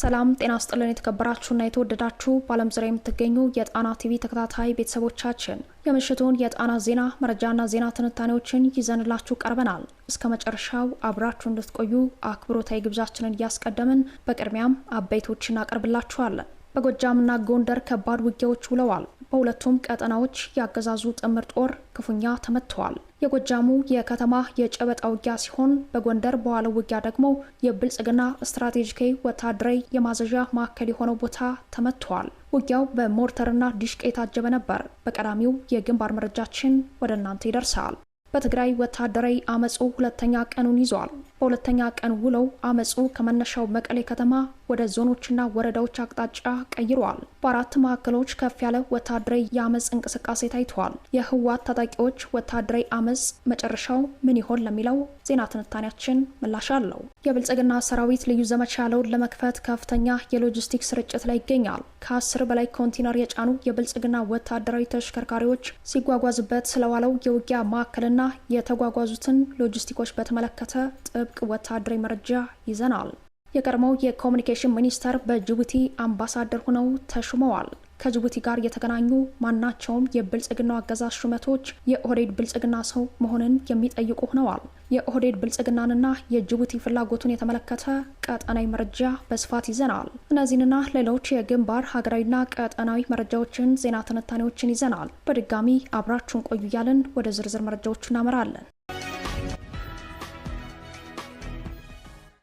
ሰላም ጤና ስጥልን። የተከበራችሁና የተወደዳችሁ በዓለም ዙሪያ የምትገኙ የጣና ቲቪ ተከታታይ ቤተሰቦቻችን የምሽቱን የጣና ዜና መረጃና ዜና ትንታኔዎችን ይዘንላችሁ ቀርበናል። እስከ መጨረሻው አብራችሁ እንድትቆዩ አክብሮታዊ ግብዣችንን እያስቀደምን በቅድሚያም አበይቶችን አቀርብላችኋለን። በጎጃምና ጎንደር ከባድ ውጊያዎች ውለዋል። በሁለቱም ቀጠናዎች ያገዛዙ ጥምር ጦር ክፉኛ ተመትተዋል። የጎጃሙ የከተማ የጨበጣ ውጊያ ሲሆን በጎንደር በዋለው ውጊያ ደግሞ የብልጽግና ስትራቴጂካዊ ወታደራዊ የማዘዣ ማዕከል የሆነው ቦታ ተመትቷል። ውጊያው በሞርተርና ዲሽቃ የታጀበ ነበር። በቀዳሚው የግንባር መረጃችን ወደ እናንተ ይደርሳል። በትግራይ ወታደራዊ አመፁ ሁለተኛ ቀኑን ይዟል። በሁለተኛ ቀን ውለው አመፁ ከመነሻው መቀሌ ከተማ ወደ ዞኖችና ወረዳዎች አቅጣጫ ቀይረዋል። በአራት ማዕከሎች ከፍ ያለ ወታደራዊ የአመፅ እንቅስቃሴ ታይተዋል። የህወሓት ታጣቂዎች ወታደራዊ አመፅ መጨረሻው ምን ይሆን ለሚለው ዜና ትንታኔያችን ምላሽ አለው። የብልጽግና ሰራዊት ልዩ ዘመቻ ያለውን ለመክፈት ከፍተኛ የሎጂስቲክ ስርጭት ላይ ይገኛል። ከአስር በላይ ኮንቴነር የጫኑ የብልጽግና ወታደራዊ ተሽከርካሪዎች ሲጓጓዝበት ስለዋለው የውጊያ ማዕከልና የተጓጓዙትን ሎጂስቲኮች በተመለከተ ጥብቅ ወታደራዊ መረጃ ይዘናል። የቀድሞው የኮሚኒኬሽን ሚኒስተር በጅቡቲ አምባሳደር ሆነው ተሹመዋል። ከጅቡቲ ጋር የተገናኙ ማናቸውም የብልጽግናው አገዛዝ ሹመቶች የኦህዴድ ብልጽግና ሰው መሆንን የሚጠይቁ ሆነዋል። የኦህዴድ ብልጽግናንና የጅቡቲ ፍላጎቱን የተመለከተ ቀጠናዊ መረጃ በስፋት ይዘናል። እነዚህንና ሌሎች የግንባር ሀገራዊና ቀጠናዊ መረጃዎችን፣ ዜና ትንታኔዎችን ይዘናል። በድጋሚ አብራችሁን ቆዩ እያልን ወደ ዝርዝር መረጃዎቹ እናመራለን።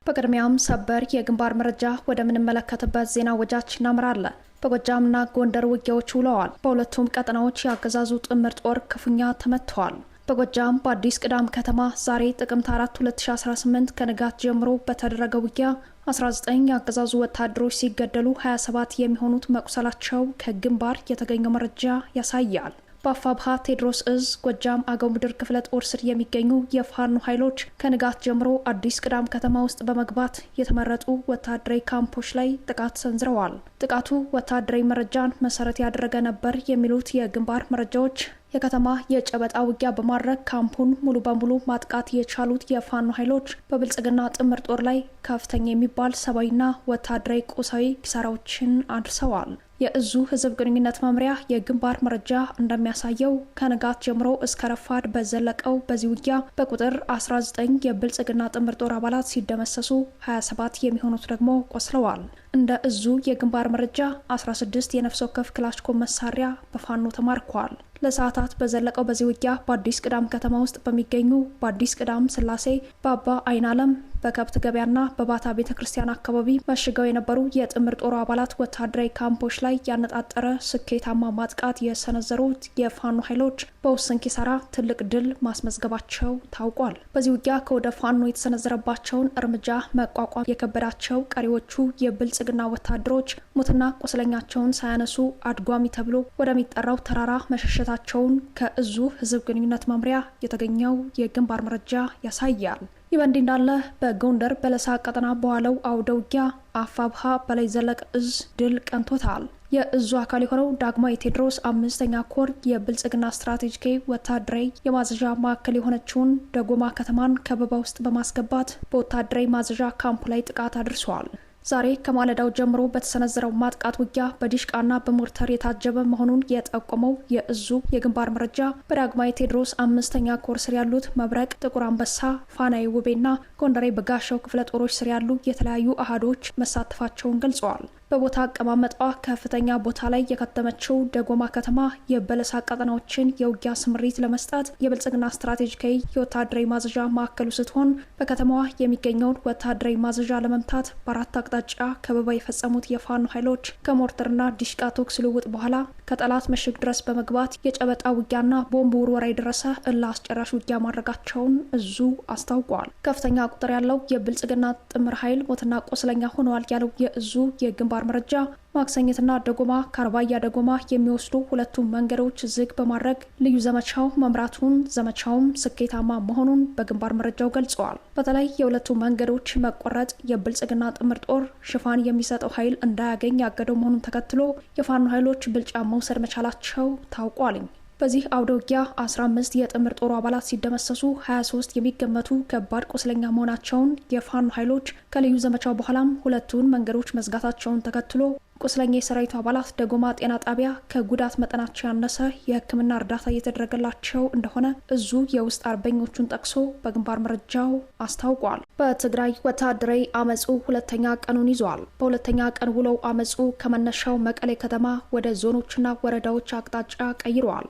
በቅድሚያም ሰበር የግንባር መረጃ ወደምንመለከትበት ዜና ወጃች እናምራለን። በጎጃምና ጎንደር ውጊያዎች ውለዋል። በሁለቱም ቀጠናዎች የአገዛዙ ጥምር ጦር ክፉኛ ተመትተዋል። በጎጃም በአዲስ ቅዳም ከተማ ዛሬ ጥቅምት 4 2018 ከንጋት ጀምሮ በተደረገ ውጊያ 19 የአገዛዙ ወታደሮች ሲገደሉ 27 የሚሆኑት መቁሰላቸው ከግንባር የተገኘው መረጃ ያሳያል። በአፋብሃ ቴዎድሮስ እዝ ጎጃም አገው ምድር ክፍለ ጦር ስር የሚገኙ የፋኖ ኃይሎች ከንጋት ጀምሮ አዲስ ቅዳም ከተማ ውስጥ በመግባት የተመረጡ ወታደራዊ ካምፖች ላይ ጥቃት ሰንዝረዋል። ጥቃቱ ወታደራዊ መረጃን መሰረት ያደረገ ነበር የሚሉት የግንባር መረጃዎች የከተማ የጨበጣ ውጊያ በማድረግ ካምፑን ሙሉ በሙሉ ማጥቃት የቻሉት የፋኖ ኃይሎች በብልጽግና ጥምር ጦር ላይ ከፍተኛ የሚባል ሰብአዊና ወታደራዊ ቁሳዊ ኪሳራዎችን አድርሰዋል። የእዙ ህዝብ ግንኙነት መምሪያ የግንባር መረጃ እንደሚያሳየው ከንጋት ጀምሮ እስከ ረፋድ በዘለቀው በዚህ ውጊያ በቁጥር 19 የብልጽግና ጥምር ጦር አባላት ሲደመሰሱ 27 የሚሆኑት ደግሞ ቆስለዋል። እንደ እዙ የግንባር መረጃ 16 የነፍስ ወከፍ ክላሽኮ መሳሪያ በፋኖ ተማርኳል። ለሰዓታት በዘለቀው በዚህ ውጊያ በአዲስ ቅዳም ከተማ ውስጥ በሚገኙ በአዲስ ቅዳም ስላሴ፣ በአባ አይን አለም፣ በከብት ገበያና በባታ ቤተ ክርስቲያን አካባቢ መሽገው የነበሩ የጥምር ጦሩ አባላት ወታደራዊ ካምፖች ላይ ያነጣጠረ ስኬታማ ማጥቃት የሰነዘሩት የፋኖ ኃይሎች በውስን ኪሳራ ትልቅ ድል ማስመዝገባቸው ታውቋል። በዚህ ውጊያ ከወደ ፋኖ የተሰነዘረባቸውን እርምጃ መቋቋም የከበዳቸው ቀሪዎቹ የብልጽግና ወታደሮች ሙትና ቁስለኛቸውን ሳያነሱ አድጓሚ ተብሎ ወደሚጠራው ተራራ መሸሸታቸውን ከእዙ ሕዝብ ግንኙነት መምሪያ የተገኘው የግንባር መረጃ ያሳያል። ይህ በእንዲህ እንዳለ በጎንደር በለሳ ቀጠና በዋለው አውደ ውጊያ አፋብሃ በላይ ዘለቅ እዝ ድል ቀንቶታል። የእዙ አካል የሆነው ዳግማዊ ቴዎድሮስ አምስተኛ ኮር የብልጽግና ስትራቴጂካዊ ወታደራዊ የማዘዣ ማዕከል የሆነችውን ደጎማ ከተማን ከበባ ውስጥ በማስገባት በወታደራዊ ማዘዣ ካምፕ ላይ ጥቃት አድርሷል። ዛሬ ከማለዳው ጀምሮ በተሰነዘረው ማጥቃት ውጊያ በዲሽቃና በሞርተር የታጀበ መሆኑን የጠቆመው የእዙ የግንባር መረጃ በዳግማዊ ቴዎድሮስ አምስተኛ ኮር ስር ያሉት መብረቅ፣ ጥቁር አንበሳ፣ ፋናይ ውቤና ጎንደሬ በጋሻው ክፍለ ጦሮች ስር ያሉ የተለያዩ አህዶች መሳተፋቸውን ገልጸዋል። በቦታ አቀማመጧ ከፍተኛ ቦታ ላይ የከተመችው ደጎማ ከተማ የበለሳ ቀጠናዎችን የውጊያ ስምሪት ለመስጠት የብልጽግና ስትራቴጂካዊ የወታደራዊ ማዘዣ ማዕከሉ ስትሆን በከተማዋ የሚገኘውን ወታደራዊ ማዘዣ ለመምታት በአራት አቅጣጫ ከበባ የፈጸሙት የፋኖ ኃይሎች ከሞርተርና ዲሽቃ ተኩስ ልውውጥ በኋላ ከጠላት ምሽግ ድረስ በመግባት የጨበጣ ውጊያና ቦምብ ውርወራ የደረሰ እልህ አስጨራሽ ውጊያ ማድረጋቸውን እዙ አስታውቋል። ከፍተኛ ቁጥር ያለው የብልጽግና ጥምር ኃይል ሞትና ቆስለኛ ሆነዋል ያለው የእዙ የግንባር አመራር መረጃ ማክሰኝትና ደጎማ ከአርባያ ደጎማ የሚወስዱ ሁለቱም መንገዶች ዝግ በማድረግ ልዩ ዘመቻው መምራቱን ዘመቻውም ስኬታማ መሆኑን በግንባር መረጃው ገልጸዋል። በተለይ የሁለቱ መንገዶች መቆረጥ የብልጽግና ጥምር ጦር ሽፋን የሚሰጠው ኃይል እንዳያገኝ ያገደው መሆኑን ተከትሎ የፋኖ ኃይሎች ብልጫ መውሰድ መቻላቸው ታውቋልኝ። በዚህ አውደ ውጊያ 15 የጥምር ጦሩ አባላት ሲደመሰሱ 23 የሚገመቱ ከባድ ቁስለኛ መሆናቸውን የፋኖ ኃይሎች ከልዩ ዘመቻው በኋላም ሁለቱን መንገዶች መዝጋታቸውን ተከትሎ ቁስለኛ የሰራዊቱ አባላት ደጎማ ጤና ጣቢያ ከጉዳት መጠናቸው ያነሰ የሕክምና እርዳታ እየተደረገላቸው እንደሆነ እዙ የውስጥ አርበኞቹን ጠቅሶ በግንባር መረጃው አስታውቋል። በትግራይ ወታደራዊ አመፁ ሁለተኛ ቀኑን ይዟል። በሁለተኛ ቀን ውለው አመፁ ከመነሻው መቀሌ ከተማ ወደ ዞኖችና ወረዳዎች አቅጣጫ ቀይረዋል።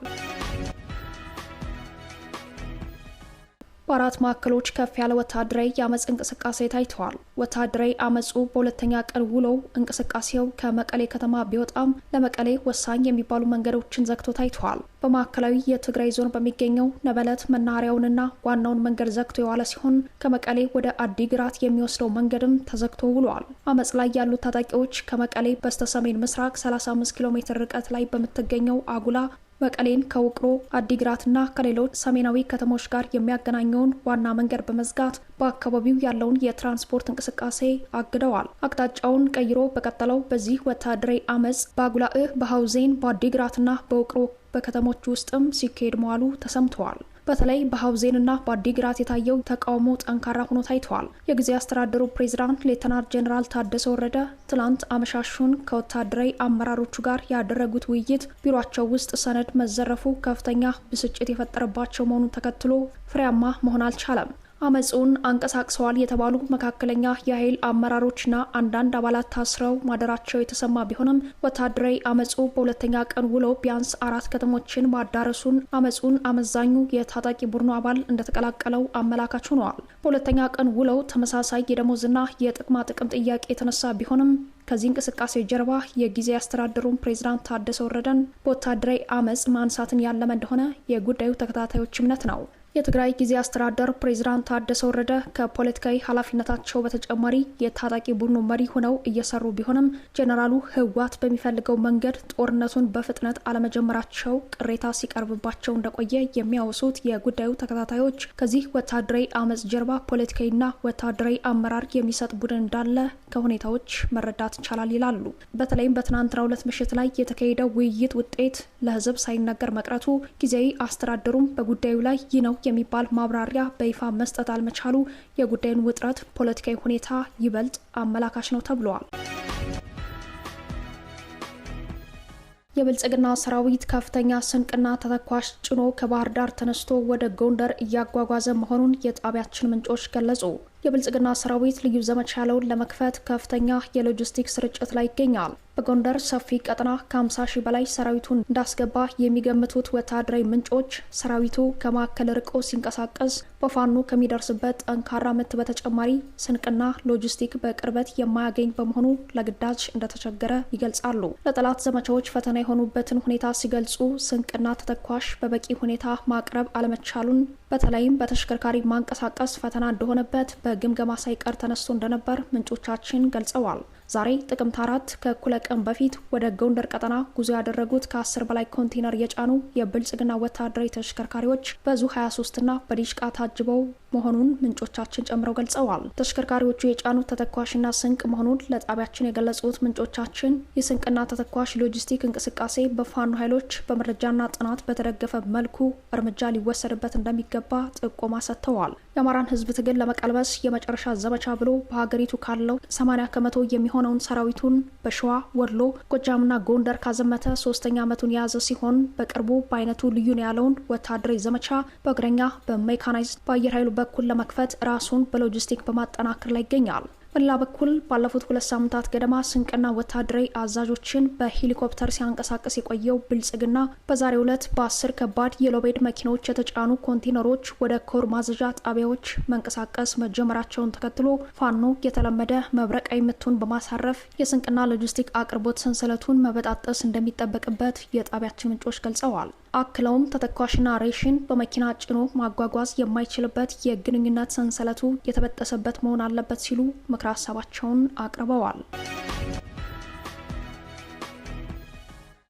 በአራት ማዕከሎች ከፍ ያለ ወታደራዊ የአመፅ እንቅስቃሴ ታይተዋል። ወታደራዊ አመፁ በሁለተኛ ቀን ውሎው እንቅስቃሴው ከመቀሌ ከተማ ቢወጣም ለመቀሌ ወሳኝ የሚባሉ መንገዶችን ዘግቶ ታይተዋል። በማዕከላዊ የትግራይ ዞን በሚገኘው ነበለት መናኸሪያውንና ዋናውን መንገድ ዘግቶ የዋለ ሲሆን ከመቀሌ ወደ አዲግራት የሚወስደው መንገድም ተዘግቶ ውሏል። አመፅ ላይ ያሉት ታጣቂዎች ከመቀሌ በስተሰሜን ምስራቅ 35 ኪሎ ሜትር ርቀት ላይ በምትገኘው አጉላ መቀሌን ከውቅሮ አዲግራትና ከሌሎች ሰሜናዊ ከተሞች ጋር የሚያገናኘውን ዋና መንገድ በመዝጋት በአካባቢው ያለውን የትራንስፖርት እንቅስቃሴ አግደዋል። አቅጣጫውን ቀይሮ በቀጠለው በዚህ ወታደራዊ አመፅ በአጉላእህ፣ በሐውዜን፣ በአዲግራትና በውቅሮ በከተሞች ውስጥም ሲካሄድ መዋሉ ተሰምተዋል። በተለይ በሀውዜንና በአዲግራት የታየው ተቃውሞ ጠንካራ ሆኖ ታይተዋል። የጊዜ አስተዳደሩ ፕሬዚዳንት ሌተናንት ጄኔራል ታደሰ ወረደ ትላንት አመሻሹን ከወታደራዊ አመራሮቹ ጋር ያደረጉት ውይይት ቢሯቸው ውስጥ ሰነድ መዘረፉ ከፍተኛ ብስጭት የፈጠረባቸው መሆኑን ተከትሎ ፍሬያማ መሆን አልቻለም። አመፁን አንቀሳቅሰዋል የተባሉ መካከለኛ የኃይል አመራሮችና አንዳንድ አባላት ታስረው ማደራቸው የተሰማ ቢሆንም ወታደራዊ አመፁ በሁለተኛ ቀን ውሎ ቢያንስ አራት ከተሞችን ማዳረሱን አመፁን አመዛኙ የታጣቂ ቡድኑ አባል እንደተቀላቀለው አመላካች ሆነዋል። በሁለተኛ ቀን ውለው ተመሳሳይ የደሞዝና የጥቅማ ጥቅም ጥያቄ የተነሳ ቢሆንም ከዚህ እንቅስቃሴ ጀርባ የጊዜ አስተዳደሩን ፕሬዚዳንት ታደሰ ወረደን በወታደራዊ አመፅ ማንሳትን ያለመ እንደሆነ የጉዳዩ ተከታታዮች እምነት ነው። የትግራይ ጊዜ አስተዳደር ፕሬዚዳንት ታደሰ ወረደ ከፖለቲካዊ ኃላፊነታቸው በተጨማሪ የታጣቂ ቡድኑ መሪ ሆነው እየሰሩ ቢሆንም ጀኔራሉ ህወሓት በሚፈልገው መንገድ ጦርነቱን በፍጥነት አለመጀመራቸው ቅሬታ ሲቀርብባቸው እንደቆየ የሚያወሱት የጉዳዩ ተከታታዮች ከዚህ ወታደራዊ አመፅ ጀርባ ፖለቲካዊና ወታደራዊ አመራር የሚሰጥ ቡድን እንዳለ ከሁኔታዎች መረዳት ይቻላል ይላሉ። በተለይም በትናንትናው ዕለት ምሽት ላይ የተካሄደው ውይይት ውጤት ለህዝብ ሳይነገር መቅረቱ ጊዜያዊ አስተዳደሩም በጉዳዩ ላይ ይህ ነው የሚባል ማብራሪያ በይፋ መስጠት አልመቻሉ የጉዳዩን ውጥረት ፖለቲካዊ ሁኔታ ይበልጥ አመላካች ነው ተብለዋል። የብልጽግና ሰራዊት ከፍተኛ ስንቅና ተተኳሽ ጭኖ ከባህር ዳር ተነስቶ ወደ ጎንደር እያጓጓዘ መሆኑን የጣቢያችን ምንጮች ገለጹ። የብልጽግና ሰራዊት ልዩ ዘመቻ ያለውን ለመክፈት ከፍተኛ የሎጂስቲክ ስርጭት ላይ ይገኛል። በጎንደር ሰፊ ቀጠና ከ50 ሺህ በላይ ሰራዊቱን እንዳስገባ የሚገምቱት ወታደራዊ ምንጮች ሰራዊቱ ከማዕከል ርቆ ሲንቀሳቀስ በፋኖ ከሚደርስበት ጠንካራ ምት በተጨማሪ ስንቅና ሎጂስቲክ በቅርበት የማያገኝ በመሆኑ ለግዳጅ እንደተቸገረ ይገልጻሉ። ለጠላት ዘመቻዎች ፈተና የሆኑበትን ሁኔታ ሲገልጹ ስንቅና ተተኳሽ በበቂ ሁኔታ ማቅረብ አለመቻሉን በተለይም በተሽከርካሪ ማንቀሳቀስ ፈተና እንደሆነበት በግምገማ ሳይቀር ተነስቶ እንደነበር ምንጮቻችን ገልጸዋል። ዛሬ ጥቅምት አራት ከእኩለ ቀን በፊት ወደ ጎንደር ቀጠና ጉዞ ያደረጉት ከአስር በላይ ኮንቴነር የጫኑ የብልጽግና ወታደራዊ ተሽከርካሪዎች በዙ 23ና በዲሽቃ ታጅበው መሆኑን ምንጮቻችን ጨምረው ገልጸዋል። ተሽከርካሪዎቹ የጫኑት ተተኳሽና ስንቅ መሆኑን ለጣቢያችን የገለጹት ምንጮቻችን የስንቅና ተተኳሽ ሎጂስቲክ እንቅስቃሴ በፋኖ ኃይሎች በመረጃና ጥናት በተደገፈ መልኩ እርምጃ ሊወሰድበት እንደሚገባ ጥቆማ ሰጥተዋል። የአማራን ሕዝብ ትግል ለመቀልበስ የመጨረሻ ዘመቻ ብሎ በሀገሪቱ ካለው 80 ከመቶ የሚሆ የሆነውን ሰራዊቱን በሸዋ ወሎ፣ ጎጃምና ጎንደር ካዘመተ ሶስተኛ ዓመቱን የያዘ ሲሆን በቅርቡ በአይነቱ ልዩ ነው ያለውን ወታደራዊ ዘመቻ በእግረኛ በሜካናይዝድ በአየር ኃይሉ በኩል ለመክፈት ራሱን በሎጂስቲክ በማጠናከር ላይ ይገኛል። በሌላ በኩል ባለፉት ሁለት ሳምንታት ገደማ ስንቅና ወታደራዊ አዛዦችን በሄሊኮፕተር ሲያንቀሳቀስ የቆየው ብልጽግና በዛሬው ዕለት በአስር ከባድ የሎቤድ መኪናዎች የተጫኑ ኮንቴነሮች ወደ ኮር ማዘዣ ጣቢያዎች መንቀሳቀስ መጀመራቸውን ተከትሎ ፋኖ የተለመደ መብረቃዊ ምቱን በማሳረፍ የስንቅና ሎጂስቲክ አቅርቦት ሰንሰለቱን መበጣጠስ እንደሚጠበቅበት የጣቢያችን ምንጮች ገልጸዋል። አክለውም ተተኳሽና ሬሽን በመኪና ጭኖ ማጓጓዝ የማይችልበት የግንኙነት ሰንሰለቱ የተበጠሰበት መሆን አለበት ሲሉ ምክረ ሀሳባቸውን አቅርበዋል።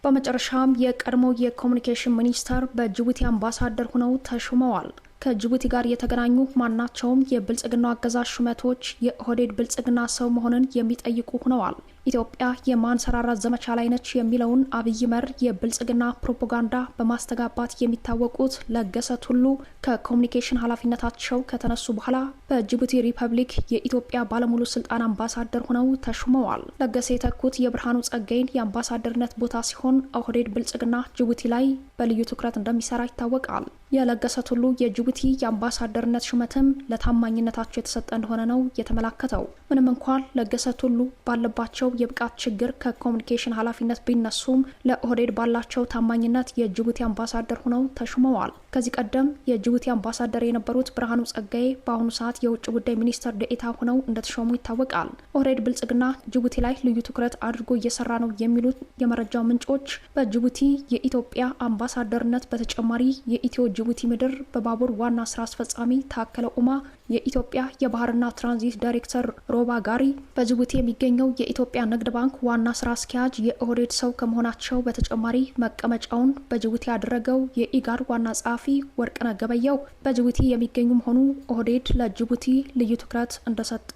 በመጨረሻም የቀድሞ የኮሚኒኬሽን ሚኒስተር በጅቡቲ አምባሳደር ሆነው ተሹመዋል። ከጅቡቲ ጋር የተገናኙ ማናቸውም የብልጽግናው አገዛዝ ሹመቶች የኦህዴድ ብልጽግና ሰው መሆንን የሚጠይቁ ሆነዋል። ኢትዮጵያ የማንሰራራት ዘመቻ ላይ ነች የሚለውን አብይ መር የብልጽግና ፕሮፓጋንዳ በማስተጋባት የሚታወቁት ለገሰ ቱሉ ከኮሚኒኬሽን ኃላፊነታቸው ከተነሱ በኋላ በጅቡቲ ሪፐብሊክ የኢትዮጵያ ባለሙሉ ስልጣን አምባሳደር ሆነው ተሹመዋል። ለገሰ የተኩት የብርሃኑ ጸጋይን የአምባሳደርነት ቦታ ሲሆን ኦህዴድ ብልጽግና ጅቡቲ ላይ በልዩ ትኩረት እንደሚሰራ ይታወቃል። የለገሰ ቱሉ የጅቡቲ የአምባሳደርነት ሹመትም ለታማኝነታቸው የተሰጠ እንደሆነ ነው የተመላከተው። ምንም እንኳን ለገሰ ቱሉ ባለባቸው የብቃት ችግር ከኮሚኒኬሽን ኃላፊነት ቢነሱም ለኦህዴድ ባላቸው ታማኝነት የጅቡቲ አምባሳደር ሆነው ተሹመዋል። ከዚህ ቀደም የጅቡቲ አምባሳደር የነበሩት ብርሃኑ ጸጋዬ በአሁኑ ሰዓት የውጭ ጉዳይ ሚኒስተር ደኤታ ሆነው እንደተሾሙ ይታወቃል። ኦህዴድ ብልጽግና ጅቡቲ ላይ ልዩ ትኩረት አድርጎ እየሰራ ነው የሚሉት የመረጃ ምንጮች በጅቡቲ የኢትዮጵያ አምባሳደርነት በተጨማሪ የኢትዮ ጅቡቲ ምድር በባቡር ዋና ስራ አስፈጻሚ ታከለ ኡማ የኢትዮጵያ የባህርና ትራንዚት ዳይሬክተር ሮባ ጋሪ በጅቡቲ የሚገኘው የኢትዮጵያ የኢትዮጵያ ንግድ ባንክ ዋና ስራ አስኪያጅ የኦህዴድ ሰው ከመሆናቸው በተጨማሪ መቀመጫውን በጅቡቲ ያደረገው የኢጋድ ዋና ጸሐፊ ወርቅነህ ገበየው በጅቡቲ የሚገኙ መሆኑ ኦህዴድ ለጅቡቲ ልዩ ትኩረት እንደሰጠ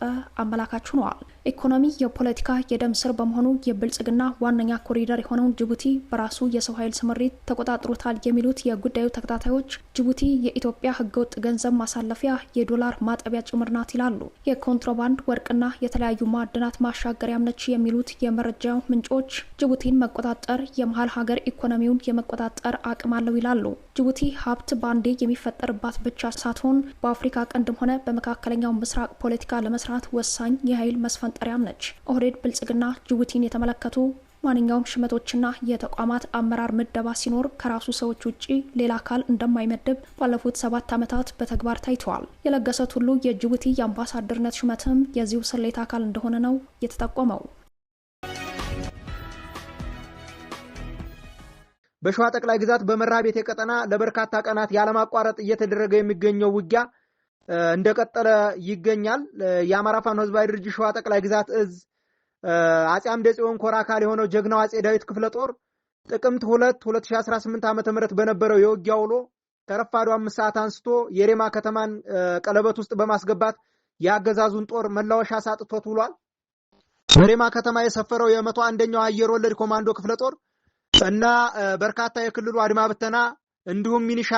አመላካች ሆነዋል። ኢኮኖሚ የፖለቲካ የደም ስር በመሆኑ የብልጽግና ዋነኛ ኮሪደር የሆነውን ጅቡቲ በራሱ የሰው ኃይል ስምሪት ተቆጣጥሮታል የሚሉት የጉዳዩ ተከታታዮች ጅቡቲ የኢትዮጵያ ህገወጥ ገንዘብ ማሳለፊያ፣ የዶላር ማጠቢያ ጭምር ናት ይላሉ። የኮንትሮባንድ ወርቅና የተለያዩ ማዕድናት ማሻገሪያም ነች የሚሉት የመረጃ ምንጮች ጅቡቲን መቆጣጠር የመሀል ሀገር ኢኮኖሚውን የመቆጣጠር አቅም አለው ይላሉ። ጅቡቲ ሀብት በአንዴ የሚፈጠርባት ብቻ ሳትሆን በአፍሪካ ቀንድም ሆነ በመካከለኛው ምስራቅ ፖለቲካ ለመስራት ወሳኝ የኃይል መስፈን መጠሪያም ነች። ኦህዴድ ብልጽግና ጅቡቲን የተመለከቱ ማንኛውም ሽመቶችና የተቋማት አመራር ምደባ ሲኖር ከራሱ ሰዎች ውጭ ሌላ አካል እንደማይመድብ ባለፉት ሰባት ዓመታት በተግባር ታይተዋል። የለገሰት ሁሉ የጅቡቲ የአምባሳደርነት ሹመትም የዚሁ ስሌት አካል እንደሆነ ነው የተጠቆመው። በሸዋ ጠቅላይ ግዛት በመራ ቤቴ ቀጠና ለበርካታ ቀናት ያለማቋረጥ እየተደረገ የሚገኘው ውጊያ እንደቀጠለ ይገኛል። የአማራ ፋኖ ህዝባዊ ድርጅት ሸዋ ጠቅላይ ግዛት እዝ አጼ አምደ ጽዮን ኮር አካል የሆነው ጀግናው አጼ ዳዊት ክፍለ ጦር ጥቅምት ሁለት 2018 ዓ ም በነበረው የውጊያ ውሎ ከረፋዱ አምስት ሰዓት አንስቶ የሬማ ከተማን ቀለበት ውስጥ በማስገባት የአገዛዙን ጦር መላወሻ ሳጥቶት ውሏል። በሬማ ከተማ የሰፈረው የመቶ አንደኛው አየር ወለድ ኮማንዶ ክፍለ ጦር እና በርካታ የክልሉ አድማ ብተና እንዲሁም ሚኒሻ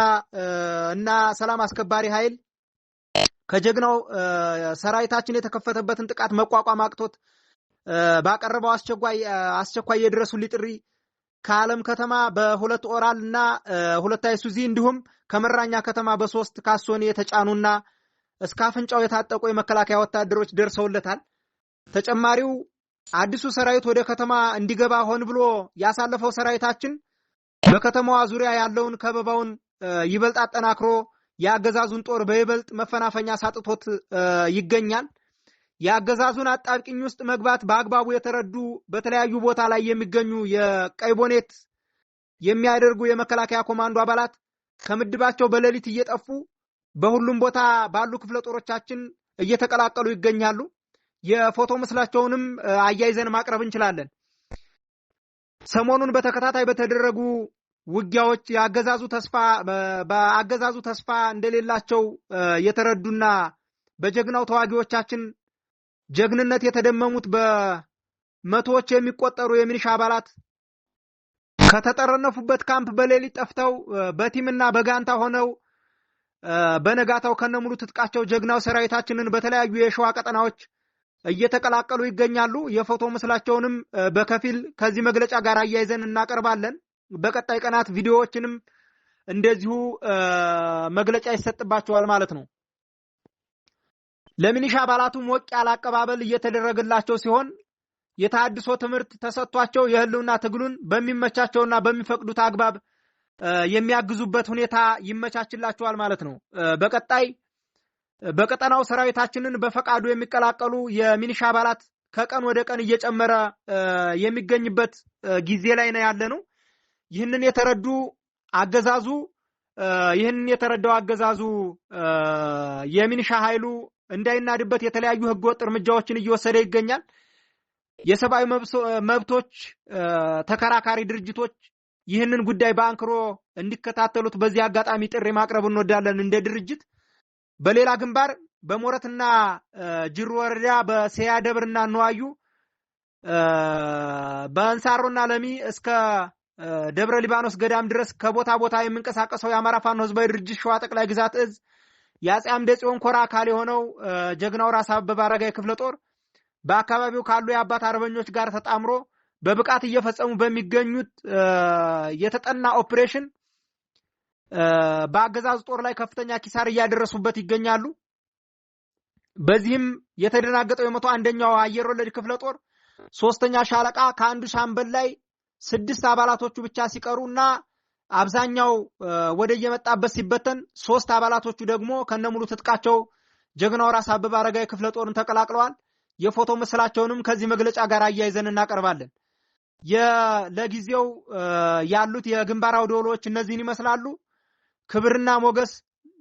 እና ሰላም አስከባሪ ኃይል ከጀግናው ሰራዊታችን የተከፈተበትን ጥቃት መቋቋም አቅቶት ባቀረበው አስቸኳይ የድረሱልኝ ጥሪ ከዓለም ከተማ በሁለት ኦራል እና ሁለት አይሱዚ እንዲሁም ከመራኛ ከተማ በሶስት ካሶኒ የተጫኑና እስከ አፍንጫው የታጠቁ የመከላከያ ወታደሮች ደርሰውለታል። ተጨማሪው አዲሱ ሰራዊት ወደ ከተማ እንዲገባ ሆን ብሎ ያሳለፈው ሰራዊታችን በከተማዋ ዙሪያ ያለውን ከበባውን ይበልጥ አጠናክሮ የአገዛዙን ጦር በይበልጥ መፈናፈኛ ሳጥቶት ይገኛል። የአገዛዙን አጣብቅኝ ውስጥ መግባት በአግባቡ የተረዱ በተለያዩ ቦታ ላይ የሚገኙ የቀይ ቦኔት የሚያደርጉ የመከላከያ ኮማንዶ አባላት ከምድባቸው በሌሊት እየጠፉ በሁሉም ቦታ ባሉ ክፍለ ጦሮቻችን እየተቀላቀሉ ይገኛሉ። የፎቶ ምስላቸውንም አያይዘን ማቅረብ እንችላለን። ሰሞኑን በተከታታይ በተደረጉ ውጊያዎች የአገዛዙ ተስፋ በአገዛዙ ተስፋ እንደሌላቸው የተረዱና በጀግናው ተዋጊዎቻችን ጀግንነት የተደመሙት በመቶዎች የሚቆጠሩ የሚኒሻ አባላት ከተጠረነፉበት ካምፕ በሌሊት ጠፍተው በቲምና በጋንታ ሆነው በነጋታው ከነሙሉ ትጥቃቸው ጀግናው ሰራዊታችንን በተለያዩ የሸዋ ቀጠናዎች እየተቀላቀሉ ይገኛሉ። የፎቶ ምስላቸውንም በከፊል ከዚህ መግለጫ ጋር አያይዘን እናቀርባለን። በቀጣይ ቀናት ቪዲዮዎችንም እንደዚሁ መግለጫ ይሰጥባቸዋል ማለት ነው። ለሚኒሻ አባላቱም ሞቅ ያለ አቀባበል እየተደረገላቸው ሲሆን የተሃድሶ ትምህርት ተሰጥቷቸው የህልውና ትግሉን በሚመቻቸውና በሚፈቅዱት አግባብ የሚያግዙበት ሁኔታ ይመቻችላቸዋል ማለት ነው። በቀጣይ በቀጠናው ሰራዊታችንን በፈቃዱ የሚቀላቀሉ የሚኒሻ አባላት ከቀን ወደ ቀን እየጨመረ የሚገኝበት ጊዜ ላይ ነው ያለ ነው። ይህንን የተረዱ አገዛዙ ይህንን የተረዳው አገዛዙ የሚኒሻ ኃይሉ እንዳይናድበት የተለያዩ ህገወጥ እርምጃዎችን እየወሰደ ይገኛል። የሰብአዊ መብቶች ተከራካሪ ድርጅቶች ይህንን ጉዳይ በአንክሮ እንዲከታተሉት በዚህ አጋጣሚ ጥሪ ማቅረብ እንወዳለን። እንደ ድርጅት በሌላ ግንባር በሞረትና ጅሩ ወረዳ በሰያደብርና ደብርና ነዋዩ በእንሳሮና ለሚ እስከ ደብረ ሊባኖስ ገዳም ድረስ ከቦታ ቦታ የሚንቀሳቀሰው የአማራ ፋኖ ህዝባዊ ድርጅት ሸዋ ጠቅላይ ግዛት እዝ የአጼ አምደ ጽዮን አካል የሆነው ጀግናው ራስ አበበ አረጋይ ክፍለ ጦር በአካባቢው ካሉ የአባት አርበኞች ጋር ተጣምሮ በብቃት እየፈጸሙ በሚገኙት የተጠና ኦፕሬሽን በአገዛዙ ጦር ላይ ከፍተኛ ኪሳር እያደረሱበት ይገኛሉ። በዚህም የተደናገጠው የመቶ አንደኛው አየር ወለድ ክፍለ ጦር ሶስተኛ ሻለቃ ከአንዱ ሻምበል ላይ ስድስት አባላቶቹ ብቻ ሲቀሩ እና አብዛኛው ወደ እየመጣበት ሲበተን ሶስት አባላቶቹ ደግሞ ከነሙሉ ትጥቃቸው ጀግናው ራስ አበበ አረጋዊ ክፍለ ጦርን ተቀላቅለዋል። የፎቶ ምስላቸውንም ከዚህ መግለጫ ጋር አያይዘን እናቀርባለን። ለጊዜው ያሉት የግንባር አውደ እነዚህን ይመስላሉ። ክብርና ሞገስ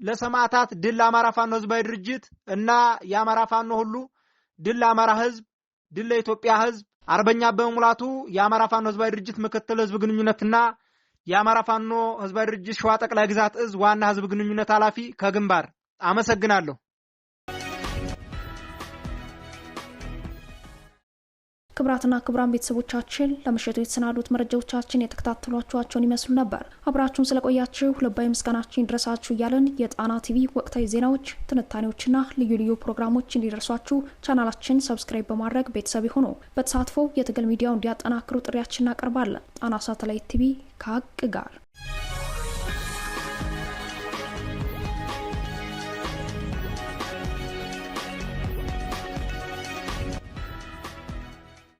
ለሰማዕታት፣ ድል ለአማራ ፋኖ ህዝባዊ ድርጅት እና የአማራ ፋኖ ሁሉ፣ ድል ለአማራ ህዝብ፣ ድል ለኢትዮጵያ ህዝብ አርበኛ በመሙላቱ የአማራ ፋኖ ህዝባዊ ድርጅት ምክትል ህዝብ ግንኙነትና የአማራ ፋኖ ህዝባዊ ድርጅት ሸዋ ጠቅላይ ግዛት እዝ ዋና ህዝብ ግንኙነት ኃላፊ ከግንባር አመሰግናለሁ። ክብራትና ክብራን ቤተሰቦቻችን ለምሽቱ የተሰናዱት መረጃዎቻችን የተከታተሏችኋቸውን ይመስሉ ነበር። አብራችሁን ስለቆያችሁ ልባዊ ምስጋናችን ይድረሳችሁ እያለን የጣና ቲቪ ወቅታዊ ዜናዎች፣ ትንታኔዎችና ልዩ ልዩ ፕሮግራሞች እንዲደርሷችሁ ቻናላችን ሰብስክራይብ በማድረግ ቤተሰብ ሆኖ በተሳትፎ የትግል ሚዲያውን እንዲያጠናክሩ ጥሪያችን እናቀርባለን። ጣና ሳተላይት ቲቪ ከሀቅ ጋር